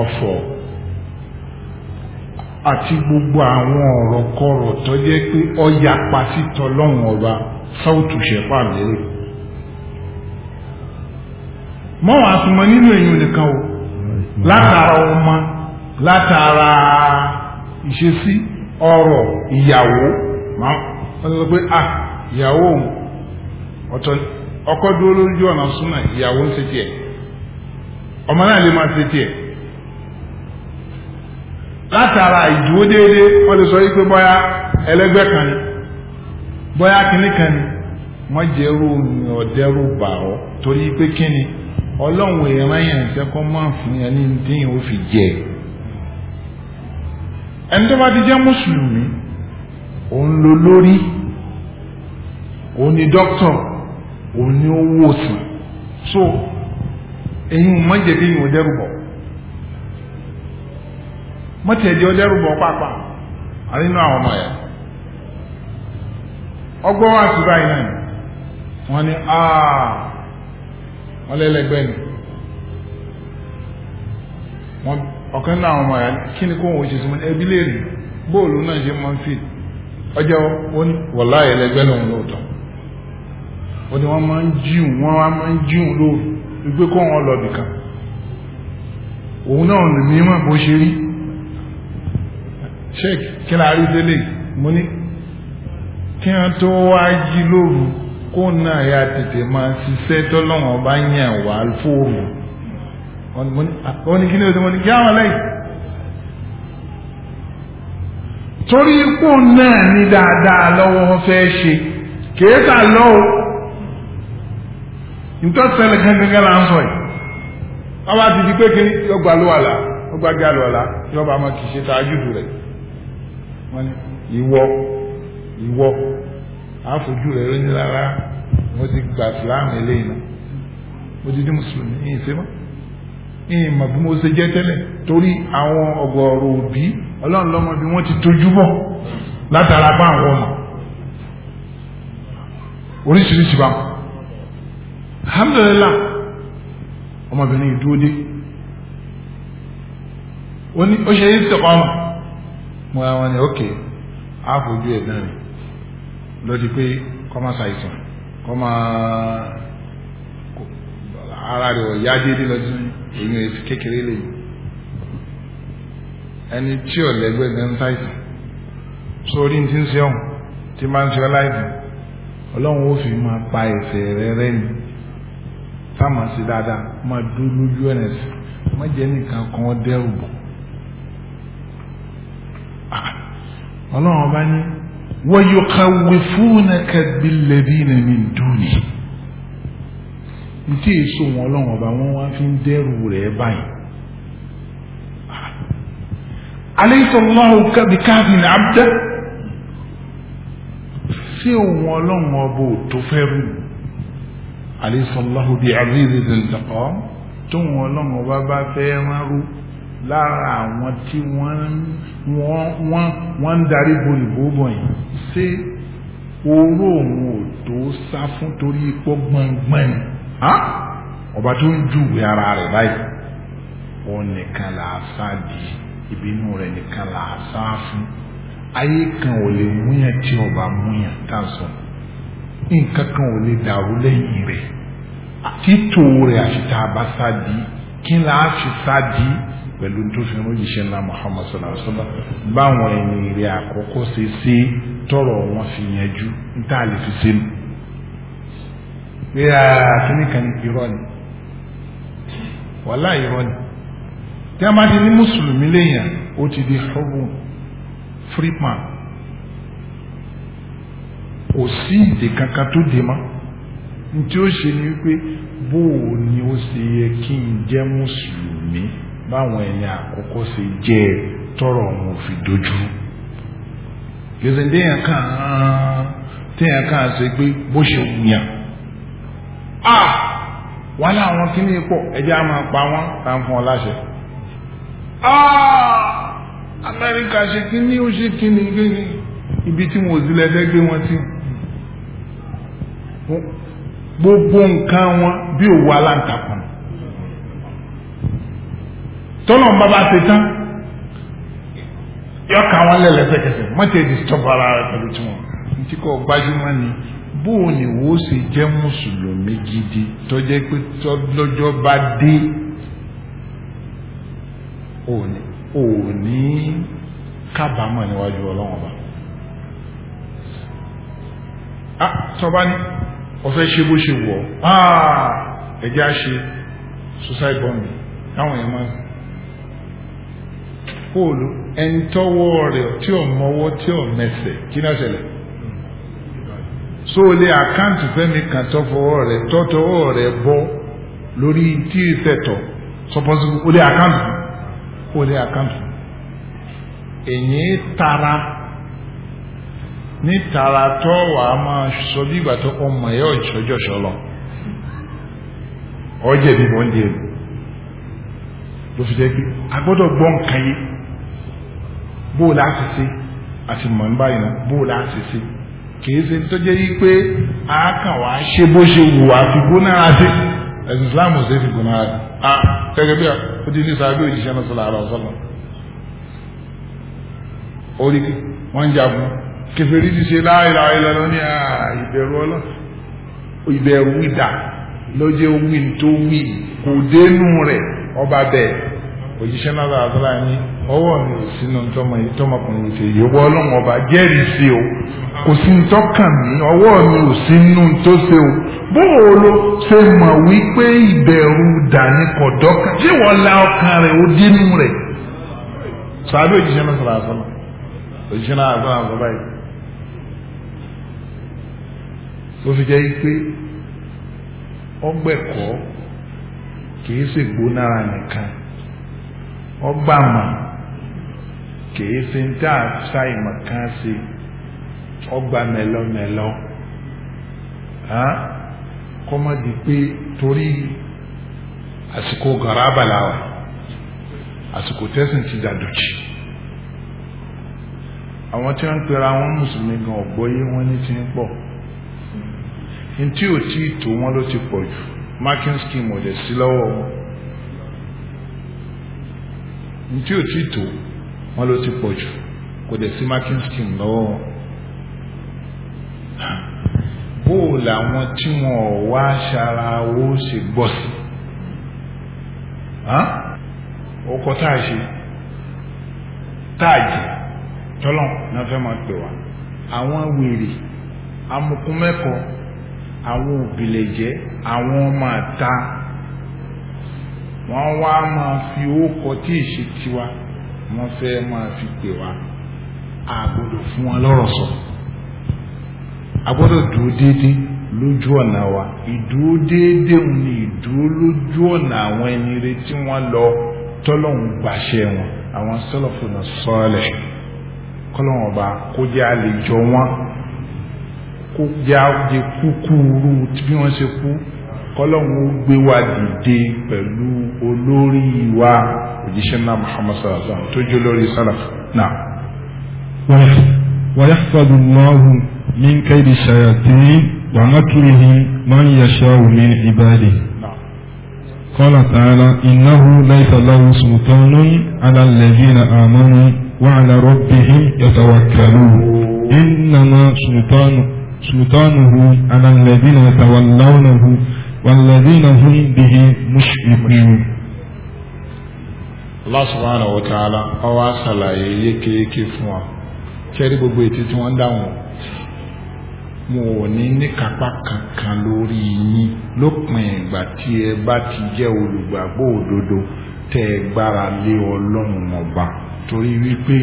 ọ̀fọ̀ àti gbogbo àwọn ọ̀rọ̀ kọ̀rọ̀ tó jẹ́ pé ọ̀yà pàṣítọ̀ lọ́hùn ọba sáwùtù ṣẹ̀fà lérè mọ́wàá súnmọ́ nínú èyí nìkan o látara ọmọ látara ìṣesí ọ̀rọ̀ ìyàwó máa ń sọ pé ah ìyàwó òun ọ̀tọ̀ ọkọ dúró ọ̀nà súnà ìyàwó ń ṣe tiẹ̀ ọmọ náà látara ìdúró déédéé wọ́n lè sọ wípé bọ́yá ẹlẹ́gbẹ́ kan ni kínní kan ni wọ́n jẹ́ ròyìn ọ̀dẹ́rù bà ọ́ torí pé kínni ọlọ́run èèyàn fún yẹn ní dín ó fi jẹ ẹni tó bá ti òun ni ó wò sàn so ẹ̀yin ò má jẹ́ kéèyàn ó dẹ́rù bọ̀ mọ́tẹ̀ẹ́dẹ́ ó dẹ́rù bọ̀ pàápàá àrínú àwọn ọmọ yẹn ọgbọ́n báyìí náà wọ́n ní ni ọ̀kan náà kí ni kó ẹbí bóòlù náà ṣe máa ń fi ọjọ́ wọ́n wọ́n ni wọ́n máa ń jíun wọ́n wá máa ń jíun lóru wípé kó wọn lọ nìkan òun náà lè ní mọ̀ bó ṣe rí sheik kí la rí délé mo ní kí wọ́n tó wá jí lóru kó náà ya tètè máa ṣiṣẹ́ tọ́lọ́wọ́n bá yàn wá fóònù wọ́n ní kí ni o ti mo ní kí àwọn lẹ́yìn torí ipò náà ní dáadáa lọ́wọ́ fẹ́ ṣe kèéta lọ́wọ́ nítorí ṣẹlẹ̀ kankan là ń sọ yìí wọ́n bá ti di pé kí yọ gba ló àlà wọ́n gba gíà ló àlà yọ bá máa kì í ṣe tàájúdù rẹ̀ wọ́n ní ìwọ ìwọ àfojú rẹ̀ ló ní rárá mo ti gbà fìlàmù eléyìí náà mo ti di mùsùlùmí ní ìfẹ́ mọ́ ìmọ̀ bí mo ṣe jẹ́ tẹ́lẹ̀ torí àwọn ọ̀gọ̀ọ̀rọ̀ òbí ọlọ́run lọ́mọ bí wọ́n ti tójú bọ̀ látara bá àwọn ọmọ oríṣiríṣi báwọn alhamdulillah ọmọbìnrin ìdúró dé ó ṣe yí sọ̀kọ́ ọmọ mo ra wọn ni ok àfojú ẹ̀ náà ni lọ́dí pé kọ́ máa ṣàìsàn kọ́ máa ara rẹ̀ ọ̀yá dédé lọ́dún èyí ẹ̀ kékeré lẹ́yìn ẹni tí ò lẹ́gbẹ́ gan ṣàìsàn sórí ti ń ṣe ọ̀hún tí máa ń ṣe ọ́ láìsàn ọlọ́run ó fi máa pa ẹ̀ṣẹ̀ rẹ̀ rẹ́ ni táwọn àti dáadáa máa dúró lójú ọ̀nà ẹ̀sìn má jẹ́ nìkan kan dẹ́rù bọ̀. Ah, ọlọ́run ọba ní wọ́yọ̀ kàwé fún ẹ̀kẹ́bí lẹ́bí nàmí dùnì ntí èso wọn ọlọ́run ọba wọn wá fi ń dẹ́rù rẹ̀ báyìí. Ah, alaysa Allahu bi kaafin abda sí òun ọlọ́run ọba ò tó fẹ́ rú àlẹ́sọ̀lọ́hù bíi àbíyèsè tẹ̀lẹ́tẹ̀kọ́ tóun ọlọ́run ọba bá fẹ́ rán rú lára àwọn tí wọ́n ń darí bolìbóbọ̀ yìí ṣé oró òun ò tó sá fún torí ipò gbọ̀ngbọ̀n ọba tó ń júwèé ara rẹ̀ báyìí òun nìkan là sá di ìbínú rẹ̀ nìkan là sá fún ayé kan ò lè múyàn tí ọba múyàn tá a sọ nǹkan kan ò lè dàrú lẹ́yìn rẹ̀ títò rẹ̀ àṣìta àbáṣá di kí n láà fi sá di pẹ̀lú tó fi rán jíṣẹ́ Muhammad sallallahu alaihi wa sallam báwọn ẹni rẹ̀ àkọ́kọ́ ṣe ṣe tọrọ wọn fi yanjú n tá a lè fi ṣe nù. rírà kíníkan irọ́ ni wàhálà irọ́ ni tí a máa ti ní mùsùlùmí lèèyàn ó ti di hurbu free man kò sí ìdè kankan tó dè mọ́ ní tí ó ṣe ni wípé bó o ni ó ṣe yẹ kí n jẹ́ mùsùlùmí báwọn ẹni àkọ́kọ́ ṣe jẹ́ tọrọ wọn ò fi dojú gbèsè déyàn kan téyàn kan ṣe pé bó ṣe wùyàn a wọn láwọn kí ní ẹjẹ á máa pa wọn tá n fún ọ láṣẹ amẹ́ríkà ṣe kí ó ṣe kí ní ibi tí wọn ò sílẹ̀ fẹ́ gbé wọn sí gbogbo nǹkan wọn bí òwú aláǹtakùn tọ́lọ̀ ń bá bá ṣe tán yọ ká wọn lẹ́lẹ́sẹ̀kẹsẹ̀ mọ́tẹ́ disturb ara rẹ̀ pẹ̀lú tiwọn ntí kò gbajúmọ̀ ni bóun ni wò ó ṣe jẹ́ mùsùlùmí gidi tọ́jẹ́ pé lọ́jọ́ bá dé òní òní kábàámọ̀ níwájú ọlọ́wọ́n ah, bá. ah sọ bá ọfẹ́ ṣe bó ṣe wọ̀ ah! ẹ̀jẹ̀ á ṣe suicide bombing táwọn èèyàn máa ń póòlù ẹni tọ́wọ́ rẹ̀ tí ò mọ́wọ́ tí ò mẹsẹ̀ kí náà ṣẹlẹ̀ so lè àkáǹtì fẹ́mi kan tọ́fọwọ́ rẹ̀ tọ́tọ́wọ́ rẹ̀ bọ́ lórí tí ìfẹ̀tọ̀ sọpọ́sibú ó lè àkáǹtì ó lè àkáǹtì èyí tara. ní tara wa wà á máa sọ bí ìgbà tó kọ́ mọ̀ ẹ́ ìṣọ́jọ́ ṣọlọ ọjẹ́ bí wọ́n lè ló fi jẹ́ pé a gbọ́dọ̀ gbọ́ nǹkan yé bó láti ṣe àti mọ̀ nígbà yìí a kàn wá ṣe bó ṣe wù wá fi Islam ò fi a gẹ́gẹ́ bí ó ti ní sábẹ́ òjíṣẹ́ náà sọ̀rọ̀ àrà kẹfẹ́rí ti ṣe láìla ìlà lọ́ní ìbẹ̀rù ọlọ́ ìbẹ̀rù ìdà lọ́jẹ́ wí tó wí kò dénú rẹ̀ ọba bẹ́ẹ̀ òjíṣẹ́ náà àdúrà ní ọwọ́ mi ò sínú tọmọkùnrin ṣe ọlọ́run ọba jẹ́rìí sí o kò sí tọ́kàn ọwọ́ mi ò sínú tó ṣe o bóò ló ṣe mọ̀ wípé ìbẹ̀rù kò dọ́kàn wọ́n la ọkàn rẹ̀ ó dénú rẹ̀ òjíṣẹ́ náà òjíṣẹ́ náà ló fi jẹ́ pé ọgbẹ́kọ̀ọ́ kìí ṣe gbónára nìkan ọgbàmà kìí ṣe ń tà ṣàìmọ̀ kan ṣe ọgbà mẹ́lọ́mẹ́lọ́ kọ́mọ́dé pé torí àsìkò garaba la wa àsìkò tẹ́sán ti dàdùjì àwọn tí wọ́n ń pera wọn mùsùlùmí gan ọ̀gbọ́yé wọn ní ti ń pọ̀ ntí ò tí ì tó wọn ló ti pọ̀ jù marking scheme ò dẹ̀ sí lọ́wọ́ wọn ntí ò tí ì tó wọn ló ti pọ̀ jù kò dẹ̀ sí marking scheme lọ́wọ́ wọn bóò làwọn tí wọn ò wá ṣara owó ṣe gbọ́ sí ọkọ̀ tá a ṣe táàjì tọ́lọ̀ náà fẹ́ máa pè wá àwọn wèrè amukun àwọn òbílẹ̀jẹ́ àwọn ọmọ àta wọ́n wá máa fi owó kọ tí ìṣe tiwa wọ́n fẹ́ máa fi pè wá a gbọ́dọ̀ fún wọn lọ́rọ̀ sọ a gbọ́dọ̀ dúró déédéé lójú ọ̀nà wa ìdúró déédéé ni ìdúró lójú ọ̀nà àwọn ẹni rẹ tí lọ tọ́lọ́hún gbàṣẹ wọn àwọn sọlọ́fù sọ́ọ̀lẹ̀ kọ́lọ́hún ọba kó jẹ́ àlejò wọn kó jẹ kúkúrú bí wọ́n ṣe kú kọ́lọ́hún ó gbé wa dìde pẹ̀lú olórí wa òjíṣẹ́ náà muhammad sallallahu alaihi wa sallam tó jẹ́ olórí salaf náà. ويحفظ الله من كيد الشياطين ومكرهم من يشاء من عباده قال تعالى إنه ليس له سلطان على الذين آمنوا وعلى ربهم يتوكلون إنما سلطان سلطانه على الذين يتولونه والذين هم به مشركون Allah subhanahu wa ta'ala ọwọ́ àṣàlàyé yékéyéké fún wa kẹ́rí gbogbo ètí tí wọ́n dáhùn wọn ò ní níkapá kankan lórí yín lópin ìgbà tí ẹ bá ti jẹ́ olùgbàgbọ́ òdodo tẹ́ ẹ gbára lé ọlọ́run ọba torí wípé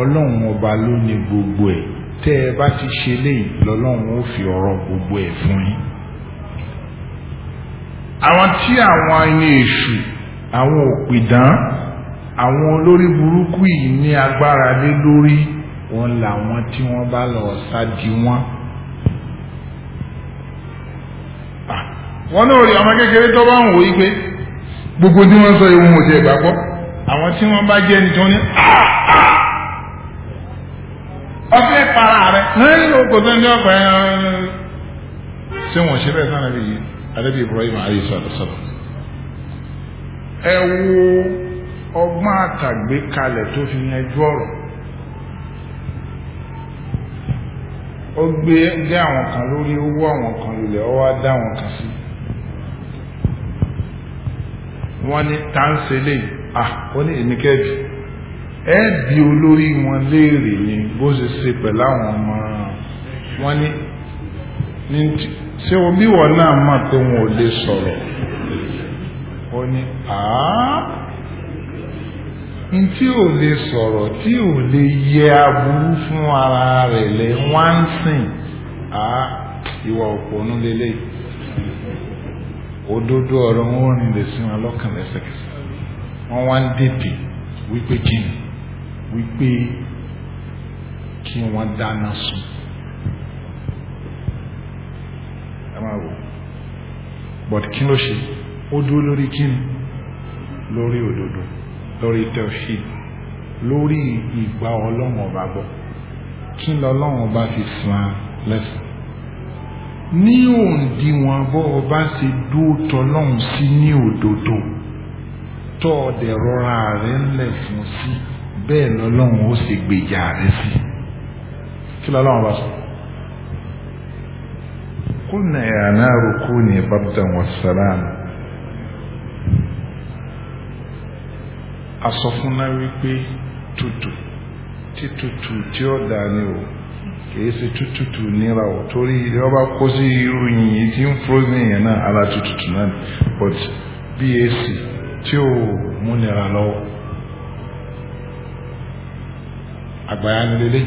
ọlọ́run ọba ló ní gbogbo ẹ̀ tẹ́ ẹ bá ti ṣe léyìí lọ́lọ́run ó fi ọ̀rọ̀ gbogbo ẹ̀ fún yín àwọn tí àwọn ẹni èṣù àwọn òpìdán àwọn olórí burúkú yìí ní agbára lé lórí wọn làwọn tí wọ́n bá lọ sádi wọn. wọn náà rí ọmọ kékeré tó bá ń wò yí gbogbo tí wọ́n sọ ewu mo ti àwọn tí wọ́n bá jẹ́ ẹni tí ní áá áá ọfẹ́ para rẹ̀ lẹ́yìn òkòtò ní ọgbà ẹ̀yàn ṣé wọ́n ṣe bẹ́ẹ̀ sánà bíi adébí Ibrahim ayé sọ̀rọ̀ sọ̀rọ̀ ẹ wo ọgbọ́n àtàgbé kalẹ̀ tó fi yanjú ọ̀rọ̀ ó gbé dé àwọn kan lórí owó àwọn kan lulẹ̀ ó wá dá àwọn kan sí wọ́n ní tá ń ṣe léyìí ah ó ní ìníkẹ́jù ẹ bi olórí wọn léèrè yẹn bó ṣe ṣe pẹ̀lú àwọn ọmọ wọn ní ṣé wọn bí wọn náà mọ̀ pé wọn ò lè sọ̀rọ̀ ó ní àá n tí ò lè sọ̀rọ̀ tí ò lè yẹ aburú fún ara rẹ̀ lẹ́ wọ́n ń sìn ìwà òpònú lélẹ̀ òdodo ọ̀rọ̀ wọn ò rìn lè sí wọn lọ́kàn lẹ́sẹ̀kẹsẹ̀ wọ́n wá ń dèdè wípé kí wípé kí wọ́n dáná sun ẹ máa wò but kí ló ṣe ó dúró lórí kí ni lórí òdodo lórí tẹ́ọ̀ṣì lórí ìgbà ọlọ́run ọba gbọ́ kí lọ́lọ́run ọba fi san lẹ́sìn ní òǹdíwọ̀n bọ́ ọba ṣe dúró tọ́lọ́run sí ní òdodo tọ́ ọ̀dẹ̀ rọra rẹ̀ ńlẹ̀ fún sí. Si bẹ́ẹ̀ lọ́lọ́run ó sì gbèjà rẹ sí kí lọ́lọ́run bá sọ. قلنا يا نار كوني بردا وسلاما asọfúnná wípé tutù tí tutù tí ó dà ní o kìí ṣe tutù o torí ọba kó sí irú yìnyín tí ń frozen yẹn náà ara tutù náà but BAC tí ó múnira àgbáyá nílélẹ́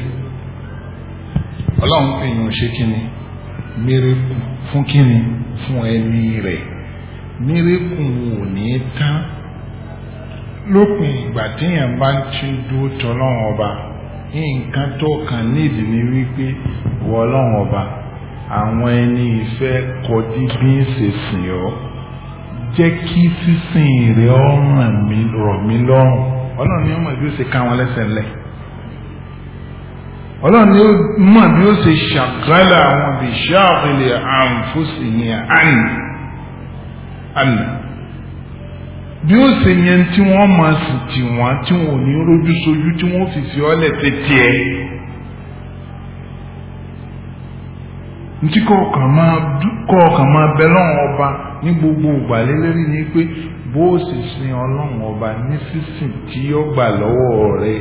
ọlọ́run fi yàn ṣe kíni mérekù fún kíni fún ẹni rẹ̀ mérekù ò ní tán lópin ìgbà téèyàn bá ń ti dúró tọ́lọ́run ọba nǹkan tó kàn nídìí ni wípé wọ ọlọ́run ọba àwọn ẹni ìfẹ́ kọjú bí ń ṣe sìn ọ́ jẹ́ kí sísìn rẹ̀ ọ̀ràn mi rọ̀ mí lọ́rùn ọlọ́run ni ó mọ̀ bí ó ṣe ká wọn lẹ́sẹ̀ lẹ́ẹ̀ ọlọ́run ni ó mọ̀ bí ó ṣe ṣàkálà àwọn bí ṣáàpìlẹ̀ àǹfóṣìyàn àná àná bí ó ṣe yẹn tí wọ́n máa sì tì wọ́n tí wọ́n ò ní rójú sojú tí wọ́n fi fi ọlẹ̀ tètè ẹ̀ ntí kọ̀ọ̀kan máa máa bẹ lọ́wọ́ ọba ní gbogbo ìgbà ni pé bó o sì sin ọlọ́run ọba ní sísìn tí ó gbà lọ́wọ́ rẹ̀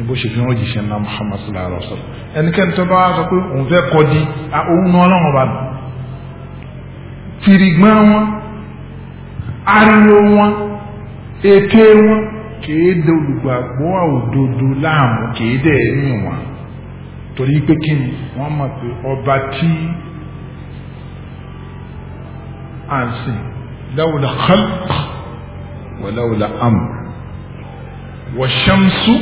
ni bó ṣe fi hàn jìṣẹ́ ńlá Muhammad sallallahu alaihi wa sallam ẹnikẹ́ni tó bá wá sọ pé òun fẹ́ kọ́ di òun náà ọlọ́run bá nù fìrìgbọ́n wọn ariwo wọn ète wọn kìí olùgbàgbọ́ òdodo láàmú kìí ẹ̀yìn wọn torí pé kí ni wọ́n mọ̀ pé ọba tí à ń sìn lawla khalq wa lawla amr wa shamsu.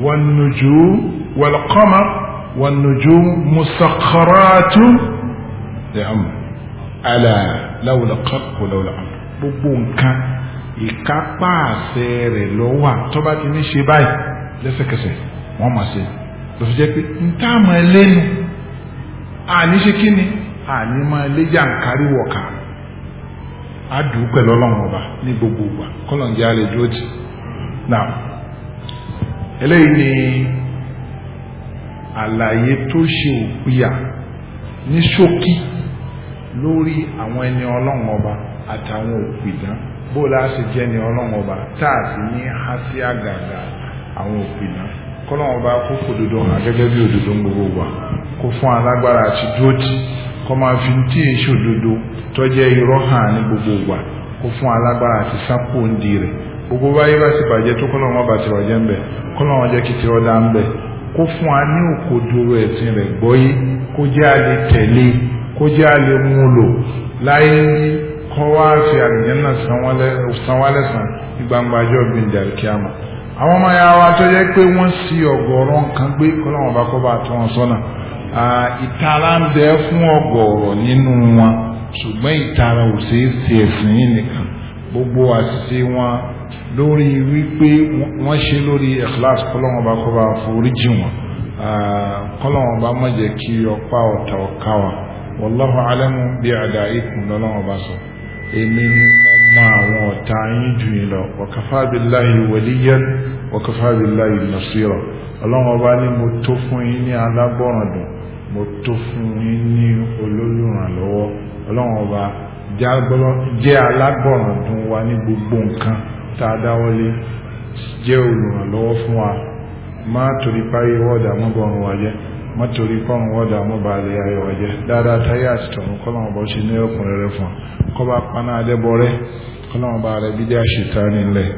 والنجوم والقمر والنجوم مسخرات لأمر ألا لولا قرق ولولا أمر gbogbo nǹkan ìkápá àṣẹ rẹ̀ ló wà tó bá ti ní ṣe báyìí lẹ́sẹ̀kẹsẹ̀ wọ́n máa ṣe ló fi jẹ́ pé n tá a máa lẹ́nu àní ṣe kí ni àní máa lé jàǹkárí wọ̀ká á dùn pẹ̀lú ọlọ́run ọba ní gbogbo ìgbà kọ́lọ̀ ń jẹ́ àlejò tì náà. eléyìí ni àlàyé tó ṣe òpìyà ní ṣókí lórí àwọn ẹni ọlọ́run ọba àtàwọn òpìdán bó la ṣe jẹ́ ni ọlọ́run ọba tá a sì ní há sí àwọn òpìdán kọ́lọ́run ọba kó gbogbo wa kó fún alágbára àti dúrótì kọ́ máa fi tí èyí ṣòdodo tọ́jẹ́ irọ́ hàn ní gbogbo wa kó fún alágbára àti sápò ń di gbogbo wáyé bá ti bàjẹ́ tó kọ́nà wọn bá ti bàjẹ́ ń bẹ̀ kọ́nà wọn jẹ́ kí ọ̀dà ń bẹ̀ kó fún wa ní òkodoro ẹ̀sìn rẹ̀ kó jẹ́ a lè tẹ̀lé kó jẹ́ a lè mú lò láyé kọ́ wá fi àlùjànnà san wá lẹ́sàn ní gbangba àwọn ọmọ ya wa tó pé wọ́n sí ọ̀gọ̀ọ̀rọ̀ nǹkan gbé kọ́nà wọn bá kọ́ bá tó wọn sọ́nà ìtara ń bẹ fún nínú wọn ṣùgbọ́n ìtara lórí wípé wọ́n ṣe lórí ikhlas kọ́lọ́wọ́n bá kọ́ bá foríjì wọn kọ́lọ́wọ́n bá má jẹ́ kí ọpá ọ̀tá ọ̀ká wa wallahu alamu bí àdá ikùn lọ́lọ́wọ́n bá sọ èmi ni mo mọ àwọn ọ̀tá yín jù yín lọ wa kafa billahi waliyan wa kafa billahi nasira mo tó fún yín ní alábọ̀ràndùn mo tó fún yín ní olólùrànlọ́wọ́ ọlọ́wọ́n bá jẹ́ alábọ̀ràndùn wa ní gbogbo nǹkan tá a dáwọ́lé jẹ́ olùrànlọ́wọ́ fún wa má torí páyé wọ́ọ̀dà mọ́ bọ́rùn wa jẹ́ má torí kọ́rùn wọ́ọ̀dà mọ́ bá lè ayé wa jẹ́ dáadáa táyé àti tọ̀run kọ́lọ́mọ bá ṣe ní ọkùnrin rẹ fún wa kọ́ bá paná adébọ́rẹ́ kọ́lọ́mọ bá rẹ bídí àṣetá nílẹ̀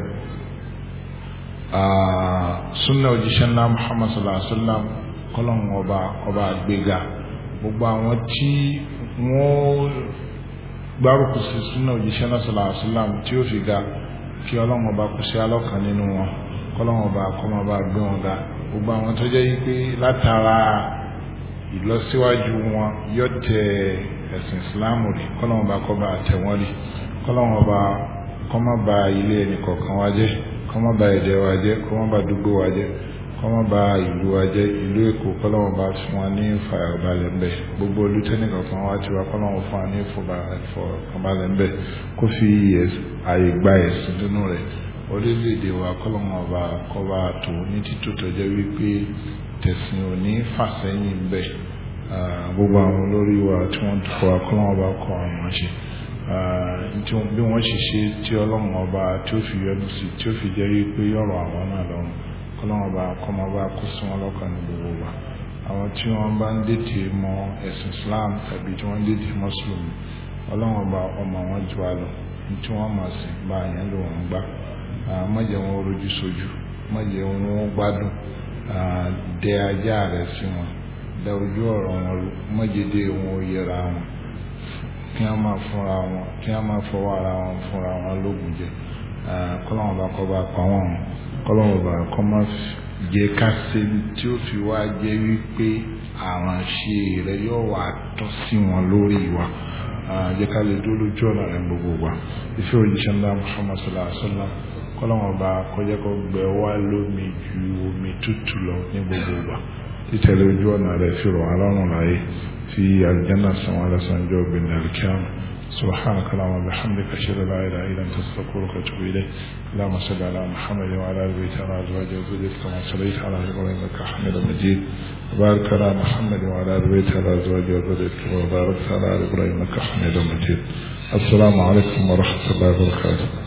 sunna òjíṣẹ́ ńlá muhammad sallallahu alaihi wa sallam kọ́lọ́mọ ọba ọba àgbéga gbogbo àwọn tí wọ́n gbárùkù sí sunna òjíṣẹ́ ńlá sallallahu alaihi wa sallam tí ó fi ga kí ọlọ́run ọba kò sí alọ́kan nínú wọn kọ́lọ́run ọba kọ́ máa bá gbé wọn ga gbogbo àwọn tó jẹ́ yí pé látara ìlọsíwájú wọn yóò tẹ ẹ̀sìn ìsìláàmù rí kọ́lọ́run ọba kọ́ bá tẹ wọ́n rí kọ́lọ́run ọba kọ́ má ba ilé ẹnì kọ̀ọ̀kan wa kọ́ má ba ẹ̀jẹ̀ wa kọ́ má ba dúgbò wa kọ́mọ́ ba ìlú wa jẹ́ ìlú èkó kọ́lọ́wọ́ bá fún wa ní ìfàyàbalẹ̀ ń bẹ̀ gbogbo olùtẹ́nì kọ̀ọ̀kan wá ti wá kọ́lọ́wọ́ fún wa ní ìfọ̀kànbalẹ̀ ń bẹ̀ kó fi àyè gba ẹ̀sìn dúnú rẹ̀ orílẹ̀-èdè wa kọ́lọ́wọ́ bá kọ́ba tó ní títò tọ́jọ́ wípé tẹ̀sìn ò ní fàsẹ́yìn ń bẹ̀ gbogbo àwọn olórí wa tí wọ́n ti kọ́lọ́wọ́ bá kọ́ àwọn ṣe bí wọ́n ṣe ṣe tí ọlọ́run ọba tí ó fi yọ́nú sí tí ó fi jẹ́ wípé yọ̀rọ̀ àwọn náà lọ́rùn kọ́lọ́wọ́n bá kọ́mọ bá kó sí wọn gbogbo wa àwọn tí wọn bá ń dètè mọ ẹ̀sìn Islam tàbí tí wọ́n ń dètè mọ́sùlùmí ọlọ́wọ́n ọmọ wọn jù wá lọ ní tí wọ́n mọ̀ sí bá yẹn ló ń gbá mọ̀jẹ̀ wọn rojú sojú mọ̀jẹ̀ wọn gbádùn dẹ ajá sí wọn dẹ ojú wọn wọn ò yẹra wọn kí máa fúnra wọn kí máa fọwọ́ kọ́lọ́mù bá kọ́ má jẹ́ ká ṣe tí ó fi wá jẹ́ wípé àránṣe rẹ̀ yóò wá tọ́ sí wọn lórí wa jẹ́ ká lè dúró lójú ọ̀nà rẹ̀ gbogbo wa ìfẹ́ òjíṣẹ́ ńlá Muhammad sallallahu alaihi wa sallam kọ́lọ́mù bá kọjá kó gbẹ wá lómi ju omi tútù lọ ní gbogbo wa títẹ̀lé ojú ọ̀nà rẹ̀ fi rọ̀ alọ́run láyé fi àlùjánnà sanwó-alásánjọ́ obìnrin àlùkíyàmù. سبحانك اللهم وبحمدك أشهد أن لا إله إلا أنت أستغفرك وأتوب إليك اللهم صل على محمد وعلى آل بيته وعلى أزواجه وذريته كما صليت على إبراهيم إنك حميد مجيد وبارك على محمد وعلى آل بيته وعلى أزواجه وذريته كما باركت على إبراهيم إنك حميد مجيد السلام عليكم ورحمة الله وبركاته